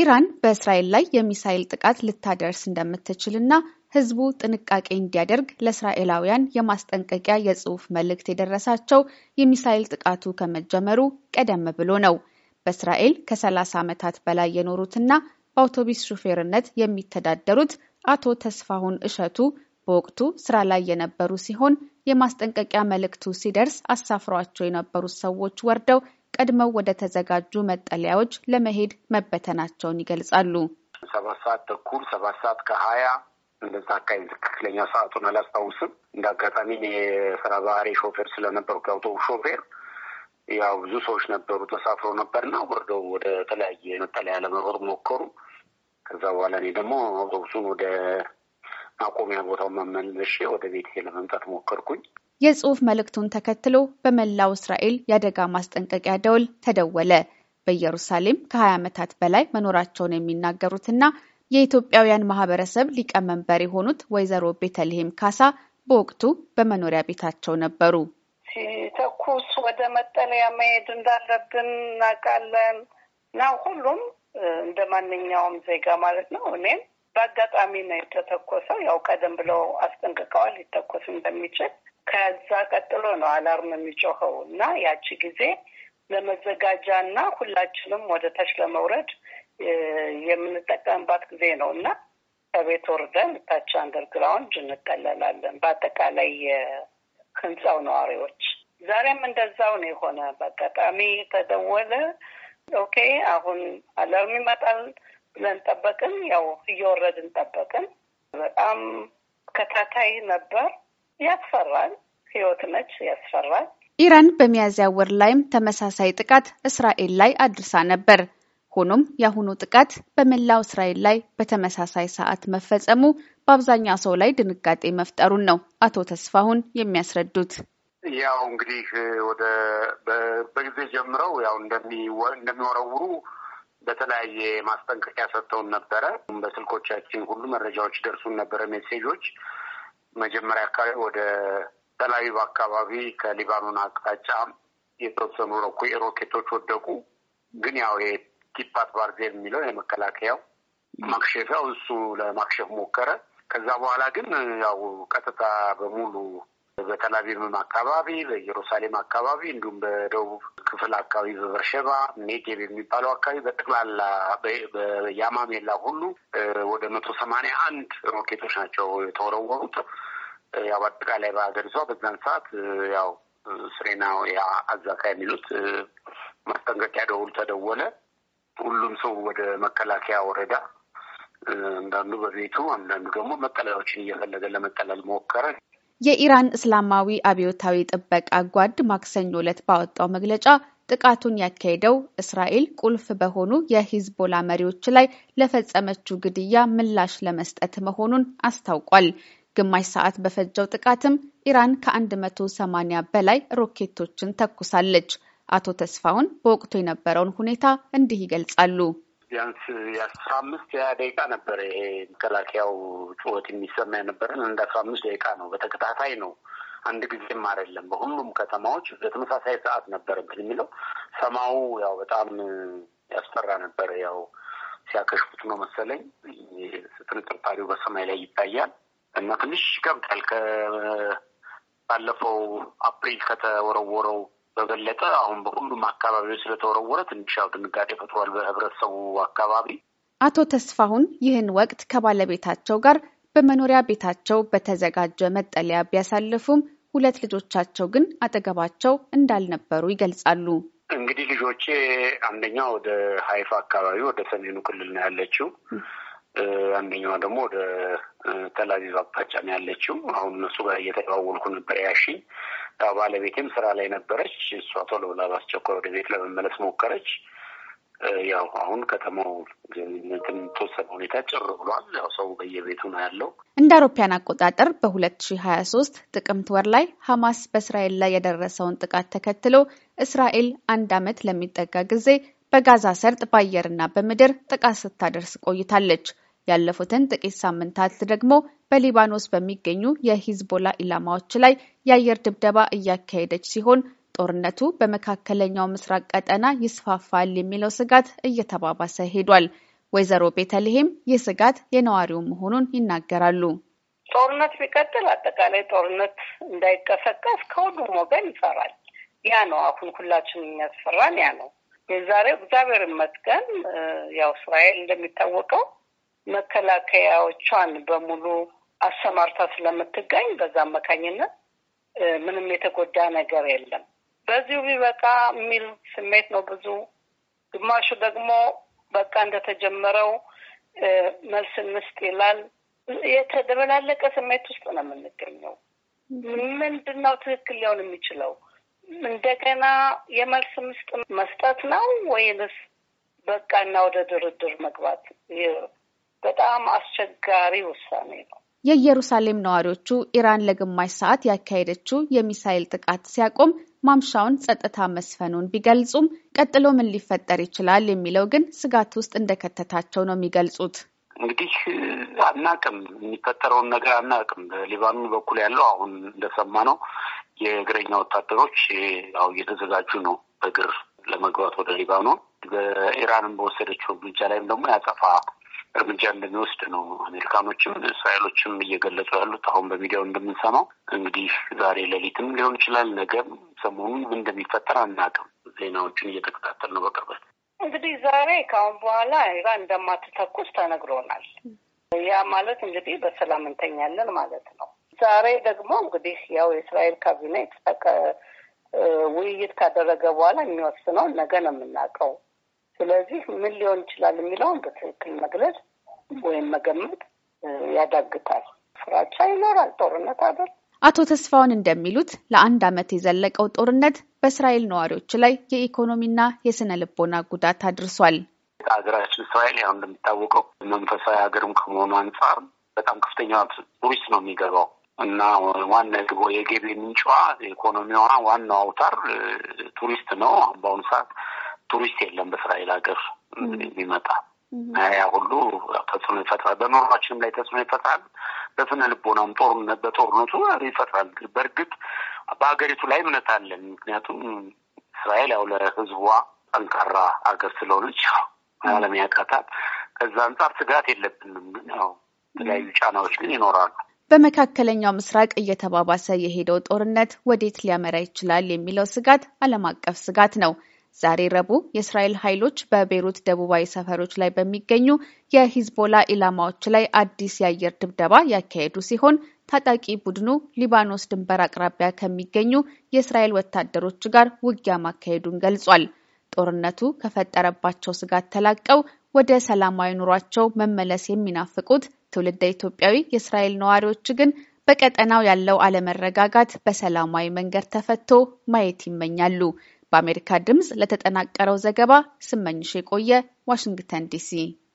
ኢራን በእስራኤል ላይ የሚሳይል ጥቃት ልታደርስ እንደምትችልና ሕዝቡ ጥንቃቄ እንዲያደርግ ለእስራኤላውያን የማስጠንቀቂያ የጽሑፍ መልእክት የደረሳቸው የሚሳይል ጥቃቱ ከመጀመሩ ቀደም ብሎ ነው። በእስራኤል ከ30 ዓመታት በላይ የኖሩትና በአውቶቡስ ሹፌርነት የሚተዳደሩት አቶ ተስፋሁን እሸቱ በወቅቱ ስራ ላይ የነበሩ ሲሆን የማስጠንቀቂያ መልእክቱ ሲደርስ አሳፍሯቸው የነበሩት ሰዎች ወርደው ቀድመው ወደ ተዘጋጁ መጠለያዎች ለመሄድ መበተናቸውን ይገልጻሉ። ሰባት ሰዓት ተኩል ሰባት ሰዓት ከሀያ እንደዛ አካባቢ ትክክለኛ ሰዓቱን አላስታውስም። እንደ አጋጣሚ የስራ ባህሪ ሾፌር ስለነበሩ የአውቶቡስ ሾፌር ያው ብዙ ሰዎች ነበሩ ተሳፍሮ ነበርና ወርደው ወደ ተለያየ መጠለያ ለመኖር ሞከሩ። ከዛ በኋላ እኔ ደግሞ አውቶቡሱን ወደ ማቆሚያ ቦታው መመለሼ ወደ ቤት ለመምጣት ሞከርኩኝ። የጽሑፍ መልእክቱን ተከትሎ በመላው እስራኤል የአደጋ ማስጠንቀቂያ ደወል ተደወለ። በኢየሩሳሌም ከ20 ዓመታት በላይ መኖራቸውን የሚናገሩትና የኢትዮጵያውያን ማህበረሰብ ሊቀመንበር የሆኑት ወይዘሮ ቤተልሔም ካሳ በወቅቱ በመኖሪያ ቤታቸው ነበሩ። ሲተኩስ ወደ መጠለያ መሄድ እንዳለብን እናውቃለን እና ሁሉም እንደ ማንኛውም ዜጋ ማለት ነው። እኔም በአጋጣሚ ነው የተተኮሰው። ያው ቀደም ብለው አስጠንቅቀዋል ሊተኮስ እንደሚችል ከዛ ቀጥሎ ነው አላርም የሚጮኸው እና ያቺ ጊዜ ለመዘጋጃ እና ሁላችንም ወደ ታች ለመውረድ የምንጠቀምባት ጊዜ ነው እና ከቤት ወርደን ታች አንደርግራውንድ እንጠለላለን። በአጠቃላይ የህንፃው ነዋሪዎች ዛሬም እንደዛው ነው የሆነ። በአጋጣሚ ተደወለ። ኦኬ አሁን አላርም ይመጣል ብለን ጠበቅን። ያው እየወረድን ጠበቅን። በጣም ከታታይ ነበር። ያስፈራል። ህይወት ነች፣ ያስፈራል። ኢራን በሚያዝያ ወር ላይም ተመሳሳይ ጥቃት እስራኤል ላይ አድርሳ ነበር። ሆኖም የአሁኑ ጥቃት በመላው እስራኤል ላይ በተመሳሳይ ሰዓት መፈጸሙ በአብዛኛው ሰው ላይ ድንጋጤ መፍጠሩን ነው አቶ ተስፋሁን የሚያስረዱት። ያው እንግዲህ ወደ በጊዜ ጀምረው ያው እንደሚወረውሩ በተለያየ ማስጠንቀቂያ ሰጥተውን ነበረ። በስልኮቻችን ሁሉ መረጃዎች ደርሱን ነበረ ሜሴጆች መጀመሪያ አካባቢ ወደ ተላዊብ አካባቢ ከሊባኖን አቅጣጫ የተወሰኑ ሮኬቶች ወደቁ። ግን ያው የኪፓት ባርዜል የሚለው የመከላከያው ማክሸፊያው እሱ ለማክሸፍ ሞከረ። ከዛ በኋላ ግን ያው ቀጥታ በሙሉ በተላቪቭም አካባቢ፣ በኢየሩሳሌም አካባቢ እንዲሁም በደቡብ ክፍል አካባቢ በበርሸባ ኔጌብ የሚባለው አካባቢ በጠቅላላ በያማሜላ ሁሉ ወደ መቶ ሰማንያ አንድ ሮኬቶች ናቸው የተወረወሩት። ያው በአጠቃላይ በሀገሪቷ በዛን ሰዓት ያው ስሬናው ያ አዛካ የሚሉት ማስጠንቀቂያ ደውል ተደወለ። ሁሉም ሰው ወደ መከላከያ ወረዳ አንዳንዱ በቤቱ አንዳንዱ ደግሞ መጠለያዎችን እየፈለገ ለመጠለል ሞከረ። የኢራን እስላማዊ አብዮታዊ ጥበቃ ጓድ ማክሰኞ ዕለት ባወጣው መግለጫ ጥቃቱን ያካሄደው እስራኤል ቁልፍ በሆኑ የሂዝቦላ መሪዎች ላይ ለፈጸመችው ግድያ ምላሽ ለመስጠት መሆኑን አስታውቋል። ግማሽ ሰዓት በፈጀው ጥቃትም ኢራን ከ180 በላይ ሮኬቶችን ተኩሳለች። አቶ ተስፋውን በወቅቱ የነበረውን ሁኔታ እንዲህ ይገልጻሉ። ቢያንስ የአስራ አምስት ያ ደቂቃ ነበር ይሄ መከላከያው ጩኸት የሚሰማ የነበረን እንደ አስራ አምስት ደቂቃ ነው። በተከታታይ ነው። አንድ ጊዜም አይደለም። በሁሉም ከተማዎች በተመሳሳይ ሰዓት ነበር እንትን የሚለው ሰማው ያው በጣም ያስፈራ ነበር። ያው ሲያከሽፉት ነው መሰለኝ ጥርጣሬው በሰማይ ላይ ይታያል እና ትንሽ ይከብዳል። ከባለፈው አፕሪል ከተወረወረው በበለጠ አሁን በሁሉም አካባቢዎች ስለተወረወረ ትንሽ ያው ድንጋጤ ፈጥሯል በህብረተሰቡ አካባቢ። አቶ ተስፋሁን ይህን ወቅት ከባለቤታቸው ጋር በመኖሪያ ቤታቸው በተዘጋጀ መጠለያ ቢያሳልፉም ሁለት ልጆቻቸው ግን አጠገባቸው እንዳልነበሩ ይገልጻሉ። እንግዲህ ልጆቼ አንደኛው ወደ ሀይፋ አካባቢ ወደ ሰሜኑ ክልል ነው ያለችው፣ አንደኛዋ ደግሞ ወደ ተላቪቭ አቅጣጫ ነው ያለችው። አሁን እነሱ ጋር እየተደዋወልኩ ነበር ያሽኝ ባለቤቴም ስራ ላይ ነበረች። እሷ ቶሎ ብላ በአስቸኳይ ወደ ቤት ለመመለስ ሞከረች። ያው አሁን ከተማው የተወሰነ ሁኔታ ጭር ብሏል። ያው ሰው በየቤቱ ነው ያለው። እንደ አውሮፓያን አቆጣጠር በ2023 ጥቅምት ወር ላይ ሐማስ በእስራኤል ላይ የደረሰውን ጥቃት ተከትሎ እስራኤል አንድ ዓመት ለሚጠጋ ጊዜ በጋዛ ሰርጥ በአየርና በምድር ጥቃት ስታደርስ ቆይታለች። ያለፉትን ጥቂት ሳምንታት ደግሞ በሊባኖስ በሚገኙ የሂዝቦላ ኢላማዎች ላይ የአየር ድብደባ እያካሄደች ሲሆን ጦርነቱ በመካከለኛው ምስራቅ ቀጠና ይስፋፋል የሚለው ስጋት እየተባባሰ ሄዷል። ወይዘሮ ቤተልሔም ይህ ስጋት የነዋሪው መሆኑን ይናገራሉ። ጦርነት ቢቀጥል አጠቃላይ ጦርነት እንዳይቀሰቀስ ከሁሉም ወገን ይሰራል። ያ ነው አሁን ሁላችን የሚያስፈራን ያ ነው። የዛሬው እግዚአብሔር ይመስገን ያው እስራኤል እንደሚታወቀው መከላከያዎቿን በሙሉ አሰማርታ ስለምትገኝ በዛ አማካኝነት ምንም የተጎዳ ነገር የለም። በዚሁ ቢበቃ የሚል ስሜት ነው ብዙ። ግማሹ ደግሞ በቃ እንደተጀመረው መልስ እንስጥ ይላል። የተደበላለቀ ስሜት ውስጥ ነው የምንገኘው። ምንድን ነው ትክክል ሊሆን የሚችለው? እንደገና የመልስ ምስጥ መስጠት ነው ወይንስ በቃና ወደ ድርድር መግባት በጣም አስቸጋሪ ውሳኔ ነው። የኢየሩሳሌም ነዋሪዎቹ ኢራን ለግማሽ ሰዓት ያካሄደችው የሚሳይል ጥቃት ሲያቆም ማምሻውን ጸጥታ መስፈኑን ቢገልጹም ቀጥሎ ምን ሊፈጠር ይችላል የሚለው ግን ስጋት ውስጥ እንደከተታቸው ነው የሚገልጹት። እንግዲህ አናቅም፣ የሚፈጠረውን ነገር አናቅም። በሊባኖን በኩል ያለው አሁን እንደሰማ ነው የእግረኛ ወታደሮች ያው እየተዘጋጁ ነው በእግር ለመግባት ወደ ሊባኖን። በኢራንም በወሰደችው እርምጃ ላይም ደግሞ ያጸፋ እርምጃ እንደሚወስድ ነው አሜሪካኖችም እስራኤሎችም እየገለጹ ያሉት። አሁን በሚዲያው እንደምንሰማው እንግዲህ ዛሬ ሌሊትም ሊሆን ይችላል፣ ነገ ሰሞኑን ምን እንደሚፈጠር አናውቅም። ዜናዎችን እየተከታተል ነው በቅርበት። እንግዲህ ዛሬ ከአሁን በኋላ ኢራን እንደማትተኩስ ተነግሮናል። ያ ማለት እንግዲህ በሰላም እንተኛለን ማለት ነው። ዛሬ ደግሞ እንግዲህ ያው የእስራኤል ካቢኔት ውይይት ካደረገ በኋላ የሚወስነውን ነገ ነው የምናውቀው። ስለዚህ ምን ሊሆን ይችላል የሚለውን በትክክል መግለጽ ወይም መገመት ያዳግታል። ፍራቻ ይኖራል። ጦርነት አይደል? አቶ ተስፋውን እንደሚሉት ለአንድ ዓመት የዘለቀው ጦርነት በእስራኤል ነዋሪዎች ላይ የኢኮኖሚና የስነ ልቦና ጉዳት አድርሷል። ሀገራችን እስራኤል ያው እንደሚታወቀው መንፈሳዊ ሀገርም ከመሆኑ አንጻር በጣም ከፍተኛ ቱሪስት ነው የሚገባው እና ዋና የገቢ ምንጯ ኢኮኖሚዋ ዋናው አውታር ቱሪስት ነው። በአሁኑ ሰዓት ቱሪስት የለም በእስራኤል ሀገር የሚመጣ ያ ሁሉ ተጽዕኖ ይፈጥራል። በኑሯችንም ላይ ተጽዕኖ ይፈጥራል። በስነ ልቦናም ጦርነት በጦርነቱ ይፈጥራል። በእርግጥ በሀገሪቱ ላይ እምነት አለን። ምክንያቱም እስራኤል ያው ለህዝቧ ጠንካራ ሀገር ስለሆነች ዓለም ያውቃታል። ከዛ አንጻር ስጋት የለብንም። ግን ያው የተለያዩ ጫናዎች ግን ይኖራሉ። በመካከለኛው ምስራቅ እየተባባሰ የሄደው ጦርነት ወዴት ሊያመራ ይችላል የሚለው ስጋት ዓለም አቀፍ ስጋት ነው። ዛሬ ረቡዕ የእስራኤል ኃይሎች በቤይሩት ደቡባዊ ሰፈሮች ላይ በሚገኙ የሂዝቦላ ኢላማዎች ላይ አዲስ የአየር ድብደባ ያካሄዱ ሲሆን ታጣቂ ቡድኑ ሊባኖስ ድንበር አቅራቢያ ከሚገኙ የእስራኤል ወታደሮች ጋር ውጊያ ማካሄዱን ገልጿል። ጦርነቱ ከፈጠረባቸው ስጋት ተላቀው ወደ ሰላማዊ ኑሯቸው መመለስ የሚናፍቁት ትውልደ ኢትዮጵያዊ የእስራኤል ነዋሪዎች ግን በቀጠናው ያለው አለመረጋጋት በሰላማዊ መንገድ ተፈቶ ማየት ይመኛሉ። በአሜሪካ ድምፅ ለተጠናቀረው ዘገባ ስመኝሽ የቆየ ዋሽንግተን ዲሲ